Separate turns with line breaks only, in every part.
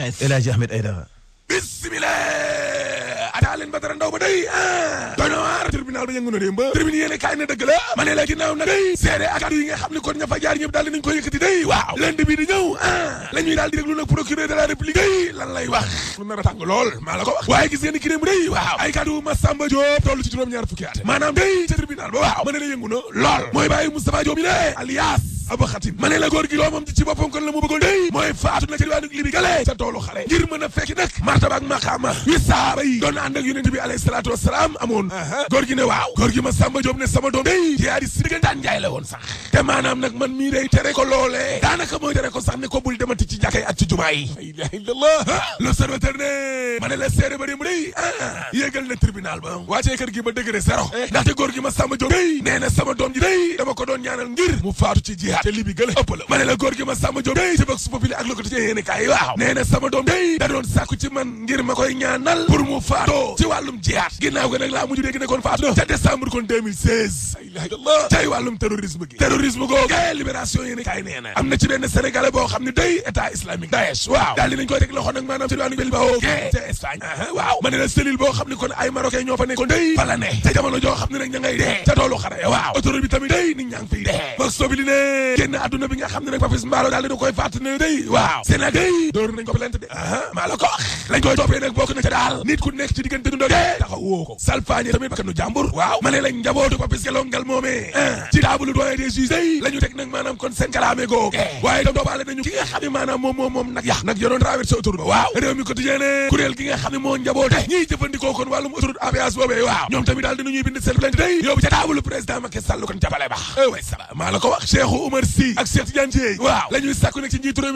presse a Hadj Ahmed Aidara bismillah ataa ba dara ndaw ba day a ah. donowaar tribunal ba yëngu na démb tribune yéene kaay na dëgg la ma ne la ginnaaw nag day seede ak yi nga xam ne kon ña fa jaar ñëpp daal dinañ ko yëkkati day waaw lundi bi di ñëw a ah. la ñuy daal di déglu nag procureur la day lan lay wax lu nar a lool maa la ko wax waaye gis ngeen ki démb day waaw ay kaddu Massamba Diop toll ci juróom-ñaar fukki at maanaam day ca tribunal ba waaw ma ne la yëngu na lool mooy bàyyi Moustapha Abou Khatim ma ne la góor gi loo moom ci boppam kon la mu bëggoon day mooy faatu na ci diwaanu libi galee sa toolu xale ngir mën a fekk nag martaba ak maqaama wi sahaaba yi doon ànd ak yonent bi alayhi salaatu amoon góor gi ne waaw góor gi ma Samba Diop ne sama doom day jiyaari si diggantaan njaay la woon sax te maanaam nag man mii day tere ko loolee daanaka mooy tere ko sax ne ko bul demati ci jàkkay ak ci jumaa yi la ilaha illallah l'observateur ma ne la seere ba ah! yéegal na tribunal ba waacee kër gi ba degré zéro eh. ndaxte góor gi ma Samba Diop day nee na sama doom ji dama ko doon ñaanal ngir mu faatu ci ca libi gëla ëpp la la gi ma day ci Vox Populi ak Le Quotidien yéene kaay waaw sama day da doon sàkku ci man ngir ma koy ñaanal pour mu faatoo ci wàllum jihaad ginnaaw ga nag laa mujj dégg ne kon faatu na décembre kon 2016 la ilaha illallah cay terrorisme gi terrorisme libération ci sénégalais day état islamique Daesh waaw daal di nañ koy teg loxo ci Bilbao Espagne waaw la kon ay marocain day fa la ne ca jamono joo xam ne nag ña ngay dee ca ya. waaw autorité bi tamit day nit ñaa génn adduna bi nga xam ne nag Papis Mballo daal di koy fàttali ne day waaw Sénégal day dóor a ne lañ njabootu day maa la wax Cheikh Oumar ak Cheikh Tidiane ci njiitu réew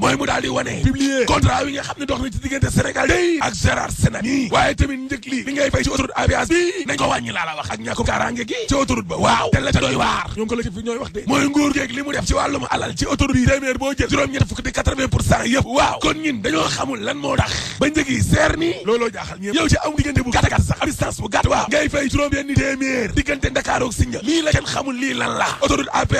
mooy mu daal di wane publier contrat yi nga xam ne dox na ci diggante Sénégal day ak Gérard Sénani waaye tamit njëkk li ngay fay ci autoroute à bi nañ ca doy waar ñu ko la ci fi ñooy wax mooy nguur geeg li mu def ci wàllum alal ci autoroute yi téeméer boo jël juróom-ñett fukk yëpp waaw kon ñun dañoo xamul lan moo tax ba njëg yi seer ni looloo jaaxal ñëpp yow ci am diggante bu gàtt gàtt sax distance bu gàtt waaw ngay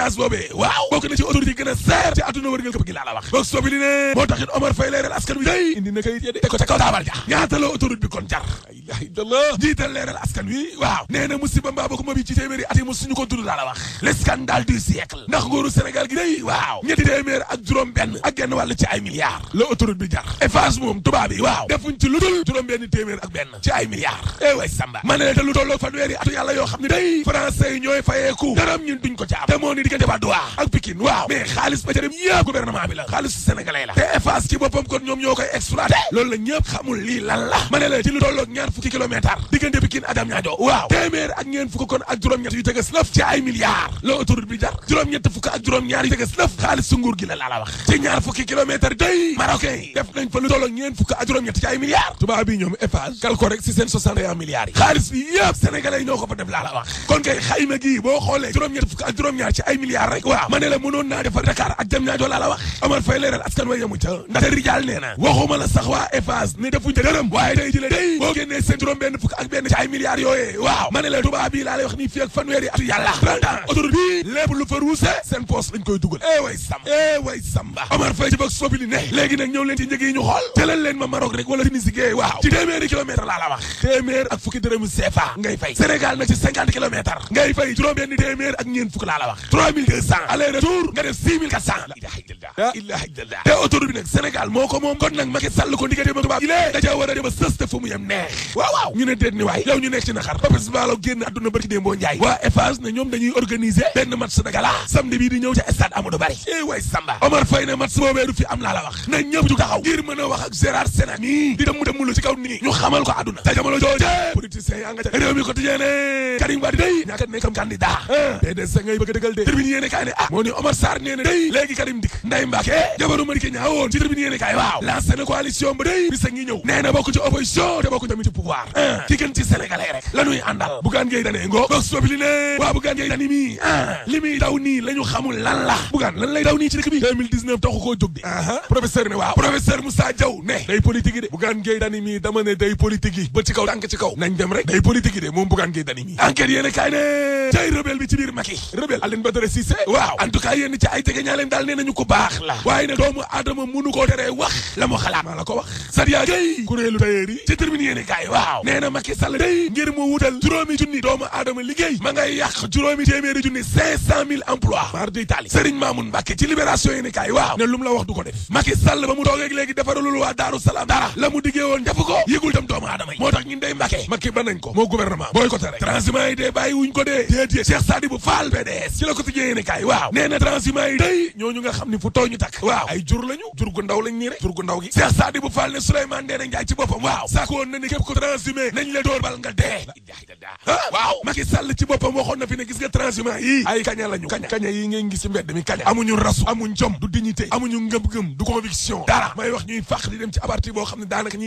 péage boobee waaw bokk na ci autorité gën a seer ci àdduna wërngal këpp gi laa la wax boog sobi li ne moo taxit Omar Faye leeral askan wi day indi na kayit ya de te ko ca kaw taabal ja ñaata la autoroute bi kon jar la ilaha illallah leeral askan wi waaw nee na musiba mbaa bokk ma bi ci téeméeri at yi mu suñu ko dund laa la wax le scandale du siècle ndax nguuru Sénégal gi day waaw ñetti téeméer ak juróom benn ak genn wàll ci ay milliards la autoroute bi jar Eiffage moom tubaab yi waaw defuñ ci lu dul juróom benn téeméer ak benn ci ay milliards eh way samba ma ne te lu tolloog fanweeri atu yàlla yoo xam ne day français ñooy fayeeku daram ñun duñ ko ci te moo ni diggante ba Douar ak Pikine waaw mais xaalis ba ca dem yëpp gouvernement bi la xaalis sénégalais la te Eiffage ci boppam kon ñoom ñoo koy exploité loolu la ñëpp xamul lii lan la ma ne la ci lu tolloog ñaar fukki kilomètre diggante Pikine ak Diamniadio waaw téeméer ak ñeen fukk kon ak juróom-ñett yu tëgës lëf ci ay milliards la autoroute bi jar juróom-ñett fukk ak juróom-ñaar yu tëgës lëf xaalis su nguur gi la laa la wax ci ñaar fukki kilomètre day marocain yi def nañ fa lu tolloog ñeen fukk ak juróom-ñett ci ay milliards tubaab bi ñoom Eiffage kal ko rek si seen 61 milliards yi xaalis bi yëpp sénégalais ñoo ko fa def laa la wax kon kay xayma gii boo xoolee juróom-ñett fukk ak juróom-ñaar ci ay milliards rek waaw ma ne la mënoon naa defar Dakar ak jam ñaajo laa la wax Omar Faye leeral askan wa yemu ca ndaxte rijaal nee na waxuma la sax waa Eiffage ne defuñ ca dërëm waaye tey ji la day boo génnee seen juróom benn fukk ak benn ci ay milliards yooyee waaw ma ne la tubaab bii laa lay wax nii fii ak fanweeri at yàlla 30 ans autoroute bii lépp lu fa ruuse seen poste lañ koy dugal eh way Samba eh way Samba Omar Faye ci bokk sobili ne léegi nag ñëw leen ci njëg yi ñu xool jëlal leen ma Maroc rek wala Tunisie gee waaw ci téeméeri kilomètre laa la wax téeméer ak fukki dërëmu CFA ngay fay Sénégal nag ci 50 kilomètres ngay fay juróom benn téeméer ak ñeen fukk laa la wax 3200 aller retour nga def 6400 la ilaha illallah ah. la ilaha illallah te autoroute bi nag Sénégal moo ko moom kon nag Macky Sall ko diggante ba tubaab yi lée dajaa war a dema sës te fu mu yem neex waaw waaw ñu ne déet ni waay yow ñu nekk ci naxar ba président la génn àdduna barki dee mboo njaay waa Eiffage ne ñoom dañuy organiser benn match de gala ah. samedi bii di ñëw ca stade Amadou Barry eh waay Samba Omar Faye ne match boobee du fi am laa la wax na ñëpp ju taxaw ngir mën a wax ak Gérard Sénac nii di dem mu dem mu lu ci kaw nii ñu xamal ko àdduna te jamono jooje politiciens yaa nga ca réew mi quotidien ne Karim Wade day ñàkkat nekkam candidat ah. tribune yéene kaay ah, Omar Sarr nee day léegi Karim dikk Ndeye Mbacke jabaru Madické woon ci tribune yéene kaay waaw lancé na coalition ba day bis a ñëw nee bokk ci opposition te bokk ci pouvoir a ah, ci gën ci sénégalais rek la ñuy àndal Bougane Gueye Dany ngo dox waa Bougane Gueye Dany mi ah, daw nii la ñu lan la Bougane lan lay daw nii ci dëkk bi 2019 taxu koo jóg di aa professeur ne waaw professeur Moussa Diaw ne day politique de Bougane Gueye Dany Cissé waaw en tout cas ci ay jege ñaaleem daal nee nañu ko baax la waaye nag doomu aadama mënu koo teree wax la mu xalaat maa la ko wax Sadia Gueye kuréelu tailleur yi ci termine yéen waaw nee na Macky Sall day ngir mu wutal juróomi junni doomu aadama liggéey ma ngay yàq juróomi téeméeri junni cinq cent mille emploi mar d' Italie Serigne Mamoun Mbacké ci libération yéen waaw ne lu mu la wax du ko def Macky Sall ba mu toogeeg léegi defaralul waa Daaru quotidien yéen kaay waaw nee na day ñooñu nga xam ne fu tooy takk waaw ay jur lañu jur gu ndaw lañ nii rek jur gu ndaw gi Cheikh Sadibou Fall ne Souleymane Ndéné Ndiaye ci boppam waaw sàkkoon na ni képp ko transhumé nañ la dóor bal nga dee ah waaw ci boppam waxoon na fi ne gis nga transhumant yi ay kaña lañu kaña kaña yi ngeen gis mbedd mi kaña amuñu rasu amuñ jom du dignité amuñu ngëm-ngëm du conviction dara may wax ñuy fàq di dem ci abarti boo xam ne daanaka